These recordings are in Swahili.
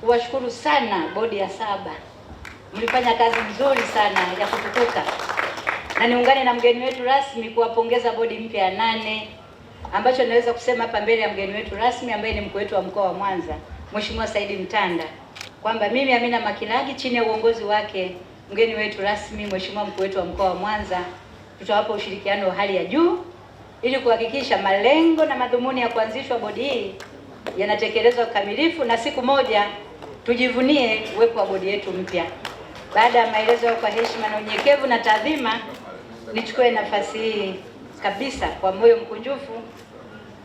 kuwashukuru sana bodi ya saba, mlifanya kazi nzuri sana ya kutukuka, na niungane na mgeni wetu rasmi kuwapongeza bodi mpya ya nane. Ambacho naweza kusema hapa mbele ya mgeni wetu rasmi ambaye ni mkuu wetu wa mkoa wa Mwanza, Mheshimiwa Saidi Mtanda, kwamba mimi Amina Makilagi chini ya uongozi wake mgeni wetu rasmi Mheshimiwa mkuu wetu wa mkoa wa Mwanza tutawapa ushirikiano wa hali ya juu ili kuhakikisha malengo na madhumuni ya kuanzishwa bodi hii yanatekelezwa kikamilifu na siku moja Tujivunie uwepo wa bodi yetu mpya. Baada ya maelezo hayo kwa heshima na unyenyekevu na taadhima, nichukue nafasi hii kabisa kwa moyo mkunjufu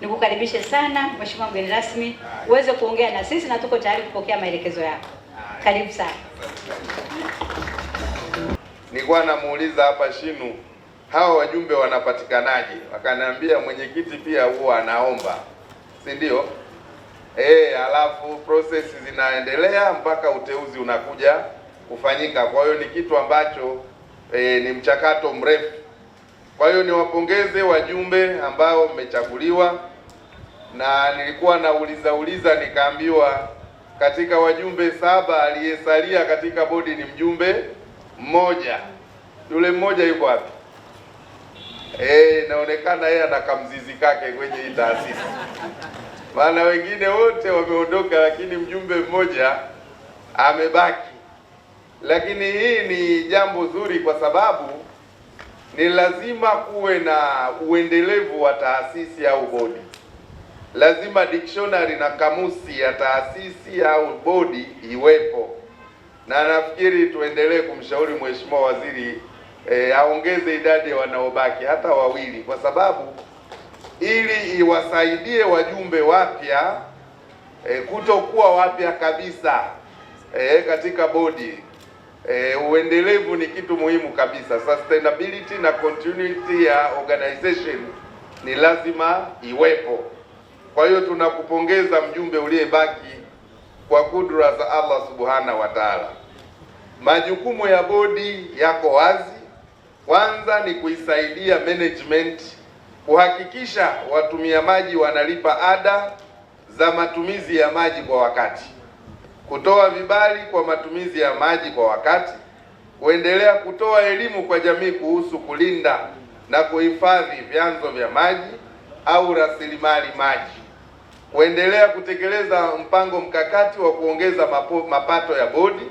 nikukaribishe sana Mheshimiwa mgeni rasmi uweze kuongea na sisi na tuko tayari kupokea maelekezo yako. Karibu sana. Nilikuwa namuuliza hapa Shinu, hawa wajumbe wanapatikanaje? Wakaniambia mwenyekiti pia huwa anaomba, si ndio? eh, halafu process zinaendelea mpaka uteuzi unakuja kufanyika. Kwa hiyo ni kitu ambacho e, ni mchakato mrefu. Kwa hiyo niwapongeze wajumbe ambao mmechaguliwa, na nilikuwa nauliza uliza nikaambiwa katika wajumbe saba aliyesalia katika bodi ni mjumbe mmoja. Yule mmoja yuko wapi? Eh, inaonekana yeye ana kamzizi kake kwenye hii taasisi maana wengine wote wameondoka, lakini mjumbe mmoja amebaki. Lakini hii ni jambo zuri kwa sababu ni lazima kuwe na uendelevu wa taasisi au bodi. Lazima dictionary na kamusi ya taasisi au bodi iwepo, na nafikiri tuendelee kumshauri mheshimiwa waziri e, aongeze idadi ya wanaobaki hata wawili, kwa sababu ili iwasaidie wajumbe wapya e, kutokuwa wapya kabisa e, katika bodi e, uendelevu ni kitu muhimu kabisa. Sustainability na continuity ya organization ni lazima iwepo. Kwa hiyo tunakupongeza mjumbe uliyebaki kwa kudra za Allah subhanahu wa taala. Majukumu ya bodi yako wazi. Kwanza ni kuisaidia management kuhakikisha watumia maji wanalipa ada za matumizi ya maji kwa wakati, kutoa vibali kwa matumizi ya maji kwa wakati, kuendelea kutoa elimu kwa jamii kuhusu kulinda na kuhifadhi vyanzo vya maji au rasilimali maji, kuendelea kutekeleza mpango mkakati wa kuongeza mapo, mapato ya bodi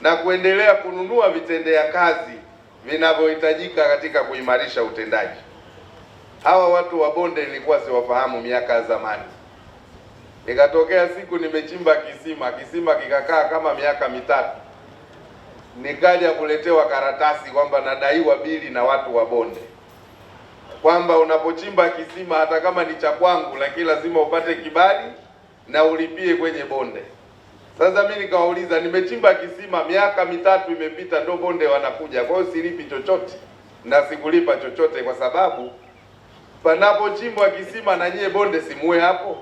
na kuendelea kununua vitendea kazi vinavyohitajika katika kuimarisha utendaji hawa watu wa bonde nilikuwa siwafahamu miaka ya zamani. Nikatokea siku nimechimba kisima, kisima kikakaa kama miaka mitatu, nikaja kuletewa karatasi kwamba nadaiwa bili na watu wa bonde kwamba unapochimba kisima hata kama ni cha kwangu, lakini lazima upate kibali na ulipie kwenye bonde. Sasa mimi nikawauliza, nimechimba kisima miaka mitatu imepita, ndo bonde wanakuja, kwa hiyo silipi chochote na sikulipa chochote kwa sababu panapochimbwa kisima na nyie bonde simue hapo.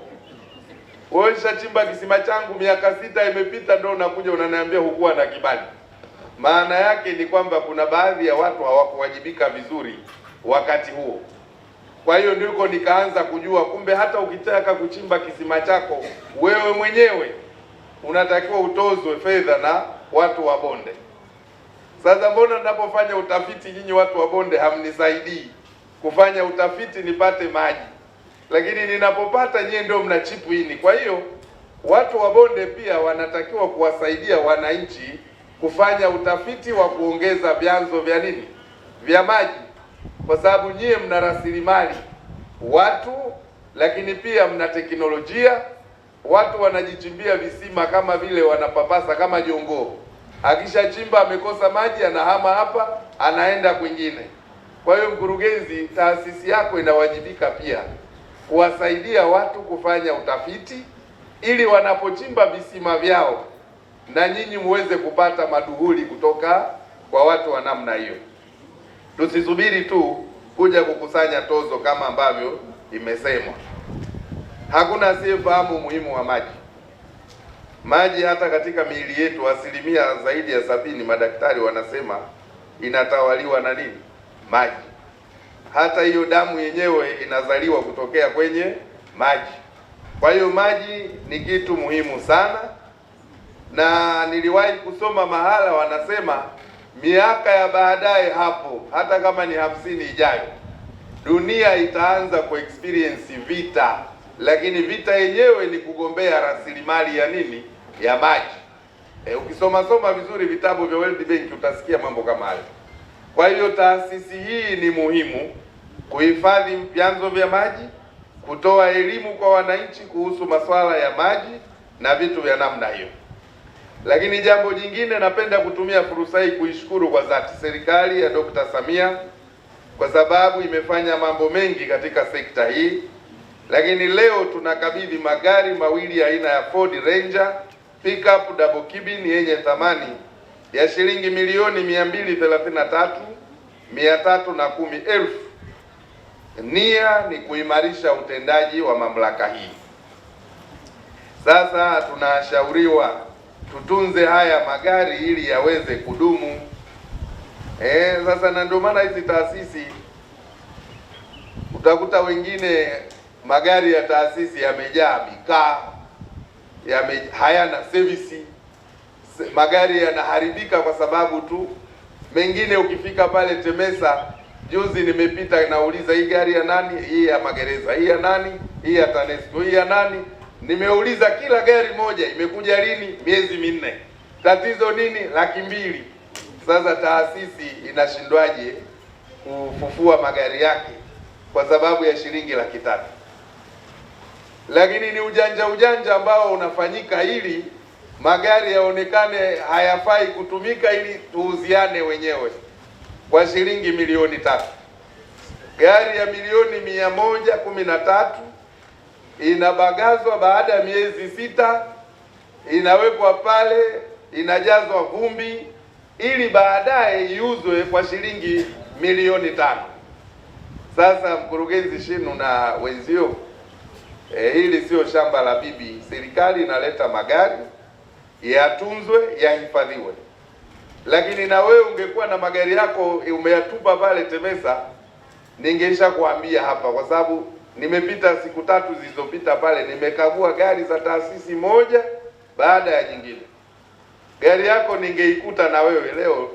Wewe ushachimba kisima changu miaka sita imepita, ndio unakuja unaniambia hukuwa na kibali. Maana yake ni kwamba kuna baadhi ya watu hawakuwajibika vizuri wakati huo. Kwa hiyo ndiko nikaanza kujua kumbe hata ukitaka kuchimba kisima chako wewe mwenyewe unatakiwa utozwe fedha na watu wa bonde. Sasa mbona ninapofanya utafiti nyinyi watu wa bonde hamnisaidii? kufanya utafiti nipate maji, lakini ninapopata nyie ndio chipu ini. Kwa hiyo watu wa bonde pia wanatakiwa kuwasaidia wananchi kufanya utafiti wa kuongeza vyanzo vya nini vya maji, kwa sababu nyie mna rasilimali watu, lakini pia mna teknolojia. Watu wanajichimbia visima kama vile wanapapasa kama jongoo, akishachimba amekosa maji, anahama hapa, anaenda kwingine. Kwa hiyo mkurugenzi, taasisi yako inawajibika pia kuwasaidia watu kufanya utafiti ili wanapochimba visima vyao na nyinyi muweze kupata maduhuli kutoka kwa watu wa namna hiyo. Tusisubiri tu kuja kukusanya tozo kama ambavyo imesemwa. Hakuna asiyefahamu umuhimu wa maji. Maji hata katika miili yetu asilimia zaidi ya sabini, madaktari wanasema inatawaliwa na nini? maji. Hata hiyo damu yenyewe inazaliwa kutokea kwenye maji. Kwa hiyo maji ni kitu muhimu sana, na niliwahi kusoma mahala wanasema miaka ya baadaye hapo, hata kama ni hamsini ijayo, dunia itaanza experience vita, lakini vita yenyewe ni kugombea rasilimali ya nini? Ya maji. E, ukisoma soma vizuri vitabu vya World Bank utasikia mambo kama hayo. Kwa hiyo taasisi hii ni muhimu kuhifadhi vyanzo vya maji, kutoa elimu kwa wananchi kuhusu masuala ya maji na vitu vya namna hiyo. Lakini jambo jingine, napenda kutumia fursa hii kuishukuru kwa dhati serikali ya Dr. Samia kwa sababu imefanya mambo mengi katika sekta hii. Lakini leo tunakabidhi magari mawili aina ya Ford Ranger pickup double cabin yenye thamani ya shilingi milioni mia mbili thelathini na tatu mia tatu na kumi elfu. Nia ni kuimarisha utendaji wa mamlaka hii. Sasa tunashauriwa tutunze haya magari ili yaweze kudumu. E, sasa na ndio maana hizi taasisi utakuta wengine magari ya taasisi yamejaa mikaa, hayana sevisi magari yanaharibika kwa sababu tu mengine. Ukifika pale Temesa juzi nimepita, nauliza hii gari ya nani? Hii ya magereza, hii ya nani? Hii ya TANESCO, hii ya nani? Nimeuliza kila gari moja, imekuja lini? Miezi minne. Tatizo nini? Laki mbili. Sasa taasisi inashindwaje kufufua magari yake kwa sababu ya shilingi laki tatu? Lakini ni ujanja ujanja ambao unafanyika ili magari yaonekane hayafai kutumika ili tuuziane wenyewe kwa shilingi milioni tatu. Gari ya milioni mia moja kumi na tatu inabagazwa baada ya miezi sita, inawekwa pale, inajazwa vumbi ili baadaye iuzwe kwa shilingi milioni tano. Sasa mkurugenzi Shinu na wenzio, eh, hili sio shamba la bibi. Serikali inaleta magari yatunzwe, yahifadhiwe. Lakini na wewe ungekuwa na magari yako umeyatupa pale Temesa, ningeisha kuambia hapa, kwa sababu nimepita siku tatu zilizopita pale, nimekagua gari za taasisi moja baada ya nyingine. Gari yako ningeikuta na wewe leo,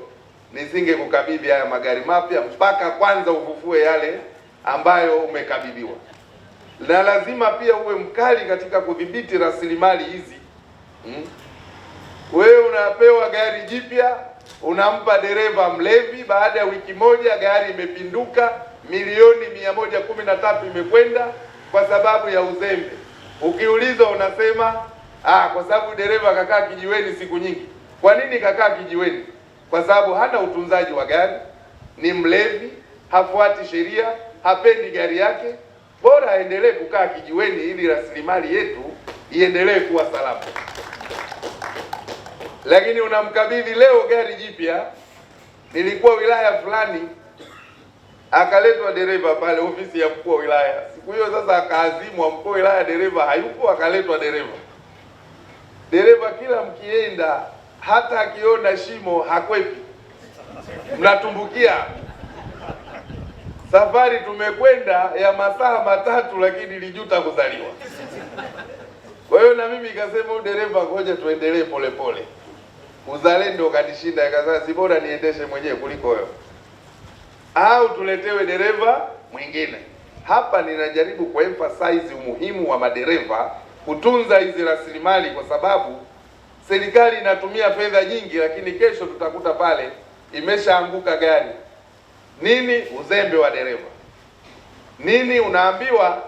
nisingekukabidhi haya magari mapya mpaka kwanza ufufue yale ambayo umekabidhiwa. Na lazima pia uwe mkali katika kudhibiti rasilimali hizi hmm? Wewe unapewa gari jipya, unampa dereva mlevi, baada ya wiki moja gari imepinduka, milioni mia moja kumi na tatu imekwenda kwa sababu ya uzembe. Ukiulizwa unasema ah, kwa sababu dereva kakaa kijiweni siku nyingi. Kwa nini kakaa kijiweni? Kwa sababu hana utunzaji wa gari, ni mlevi, hafuati sheria, hapendi gari yake. Bora aendelee kukaa kijiweni ili rasilimali yetu iendelee kuwa salama lakini unamkabidhi leo gari jipya. Nilikuwa wilaya fulani, akaletwa dereva pale ofisi ya mkuu wa wilaya. Siku hiyo sasa akaazimwa, mkuu wa wilaya dereva hayupo, akaletwa dereva. Dereva kila mkienda, hata akiona shimo hakwepi, mnatumbukia. Safari tumekwenda ya masaa matatu, lakini lijuta kuzaliwa. Kwa hiyo na mimi ikasema, huyu dereva ngoja tuendelee polepole uzalendo ukanishinda, ikasema si bora niendeshe mwenyewe kuliko wewe, au tuletewe dereva mwingine. Hapa ninajaribu kuemphasize umuhimu wa madereva kutunza hizi rasilimali, kwa sababu serikali inatumia fedha nyingi, lakini kesho tutakuta pale imeshaanguka gari. Nini uzembe wa dereva? Nini unaambiwa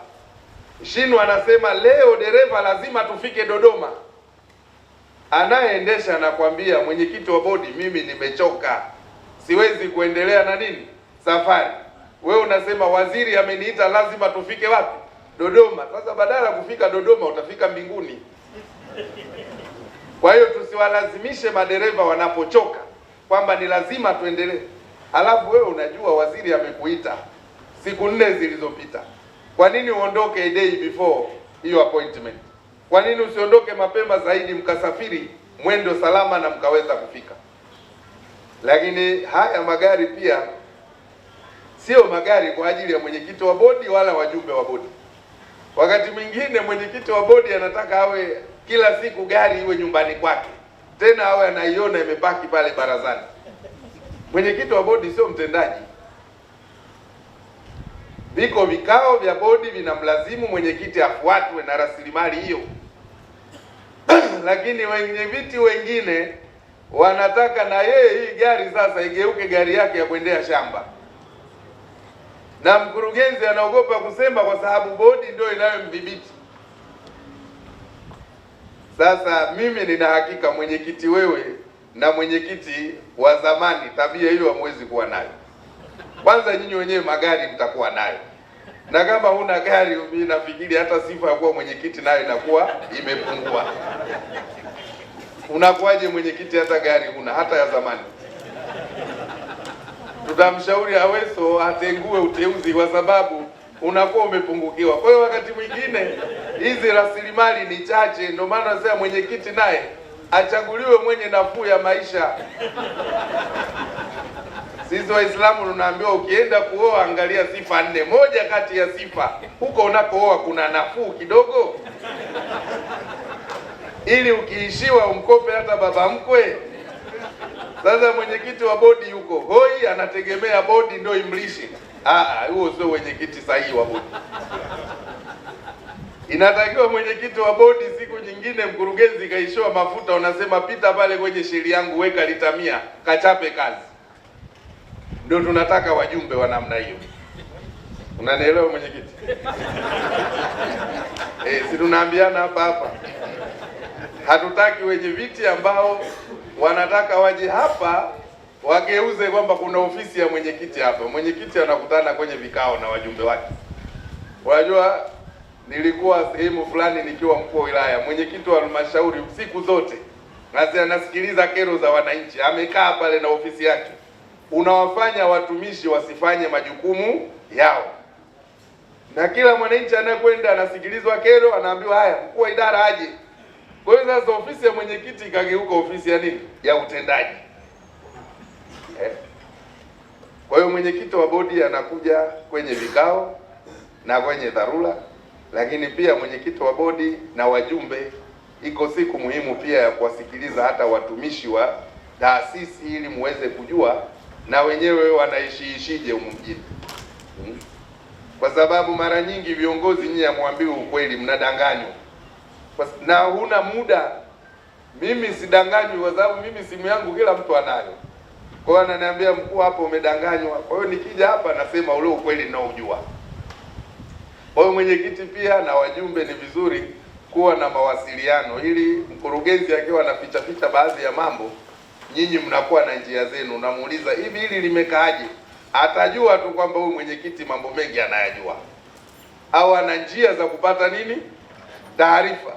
Shinu anasema leo dereva lazima tufike Dodoma anayeendesha anakwambia, mwenyekiti wa bodi, mimi nimechoka, siwezi kuendelea na nini safari. We unasema waziri ameniita, lazima tufike wapi? Dodoma. Sasa badala ya kufika Dodoma utafika mbinguni. Kwa hiyo tusiwalazimishe madereva wanapochoka kwamba ni lazima tuendelee, alafu wewe unajua waziri amekuita siku nne zilizopita. Kwa nini uondoke a day before hiyo appointment? Kwa nini usiondoke mapema zaidi, mkasafiri mwendo salama na mkaweza kufika? Lakini haya magari pia sio magari kwa ajili ya mwenyekiti wa bodi wala wajumbe wa bodi. Wakati mwingine mwenyekiti wa bodi anataka awe kila siku gari iwe nyumbani kwake, tena awe anaiona imebaki pale barazani. Mwenyekiti wa bodi sio mtendaji. Viko vikao vya bodi vinamlazimu mwenyekiti afuatwe na rasilimali hiyo. lakini wenye viti wengine wanataka na yeye hii gari sasa igeuke gari yake ya kuendea shamba, na mkurugenzi anaogopa kusema kwa sababu bodi ndio inayomdhibiti. Sasa mimi nina hakika mwenyekiti wewe na mwenyekiti wa zamani, tabia hiyo hamwezi kuwa nayo. Kwanza nyinyi wenyewe magari mtakuwa nayo na kama huna gari, mimi nafikiri hata sifa ya kuwa mwenyekiti nayo inakuwa imepungua. Unakuwaje mwenyekiti hata gari huna, hata ya zamani? Tutamshauri Aweso atengue uteuzi, kwa sababu unakuwa umepungukiwa. Kwa hiyo wakati mwingine hizi rasilimali ni chache, ndio maana nasema mwenyekiti naye achaguliwe mwenye nafuu ya maisha. Sisi Waislamu tunaambiwa ukienda kuoa angalia sifa nne. Moja kati ya sifa, huko unakooa kuna nafuu kidogo, ili ukiishiwa umkope hata baba mkwe. Sasa mwenyekiti wa bodi yuko hoi, anategemea bodi ndio imlishi. Ah, ah, huo sio mwenyekiti sahihi wa bodi. Inatakiwa mwenyekiti wa bodi siku nyingine, mkurugenzi kaishiwa mafuta, unasema pita pale kwenye sheri yangu, weka lita mia, kachape kazi ndio tunataka wajumbe wa namna hiyo. Unanielewa mwenyekiti? E, si tunaambiana hapa hapa, hatutaki wenye viti ambao wanataka waje hapa wageuze kwamba kuna ofisi ya mwenyekiti hapa. Mwenyekiti anakutana kwenye vikao na wajumbe wake. Unajua, nilikuwa sehemu fulani nikiwa mkuu wa wilaya, mwenyekiti wa halmashauri siku zote nasi anasikiliza kero za wananchi, amekaa pale na ofisi yake unawafanya watumishi wasifanye majukumu yao, na kila mwananchi anayekwenda anasikilizwa kero, anaambiwa haya, mkuu wa idara aje. Kwa hiyo sasa ofisi ya mwenyekiti ikageuka ofisi ya nini? Ya utendaji eh. Kwa hiyo mwenyekiti wa bodi anakuja kwenye vikao na kwenye dharura, lakini pia mwenyekiti wa bodi na wajumbe, iko siku muhimu pia ya kuwasikiliza hata watumishi wa taasisi ili muweze kujua na wenyewe wanaishiishije humu mjini hmm? Kwa sababu mara nyingi viongozi nyinyi amwambii ukweli, mnadanganywa na huna muda. Mimi sidanganywi kwa sababu mimi simu yangu kila mtu anayo, kwa hiyo ananiambia mkuu, hapo umedanganywa. Kwa hiyo nikija hapa nasema ule ukweli ninaojua. Kwa hiyo mwenyekiti pia na wajumbe, ni vizuri kuwa na mawasiliano ili mkurugenzi akiwa anafichaficha baadhi ya mambo nyinyi mnakuwa na njia zenu, unamuuliza hivi hili limekaaje, atajua tu kwamba huyu mwenyekiti mambo mengi anayajua au ana njia za kupata nini taarifa.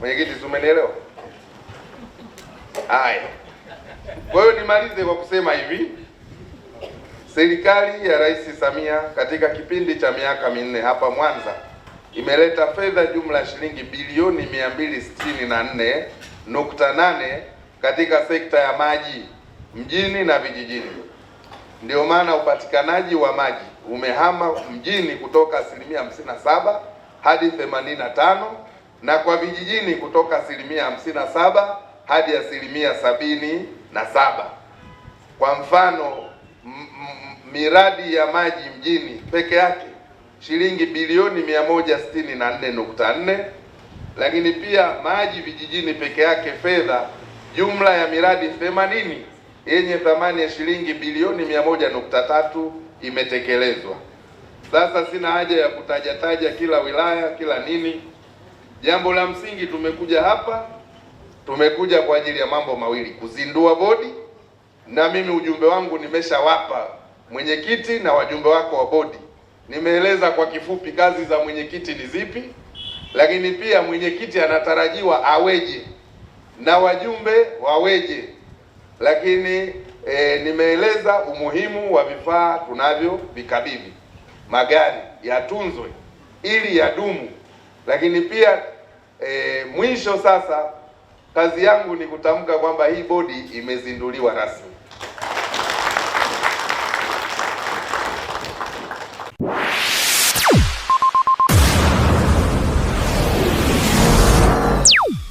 Mwenyekiti, tumenielewa? Haya, kwa hiyo nimalize kwa kusema hivi, serikali ya Rais Samia katika kipindi cha miaka minne hapa Mwanza imeleta fedha jumla shilingi bilioni mia mbili sitini na nne nukta nane katika sekta ya maji mjini na vijijini. ndio maana upatikanaji wa maji umehama mjini kutoka asilimia saba hadi 85 na kwa vijijini kutoka asilimia saba hadi asilimia sabini na saba. Kwa mfano miradi ya maji mjini peke yake shilingi bilioni 164.4 lakini pia maji vijijini peke yake fedha jumla ya miradi 80 yenye thamani ya shilingi bilioni mia tatu imetekelezwa. Sasa sina haja ya kutajataja kila wilaya kila nini. Jambo la msingi tumekuja hapa, tumekuja kwa ajili ya mambo mawili, kuzindua bodi, na mimi ujumbe wangu nimeshawapa mwenyekiti na wajumbe wako wa bodi. Nimeeleza kwa kifupi kazi za mwenyekiti ni zipi lakini pia mwenyekiti anatarajiwa aweje na wajumbe waweje, lakini e, nimeeleza umuhimu wa vifaa tunavyo vikabidhi. Magari yatunzwe ili yadumu, lakini pia e, mwisho sasa, kazi yangu ni kutamka kwamba hii bodi imezinduliwa rasmi.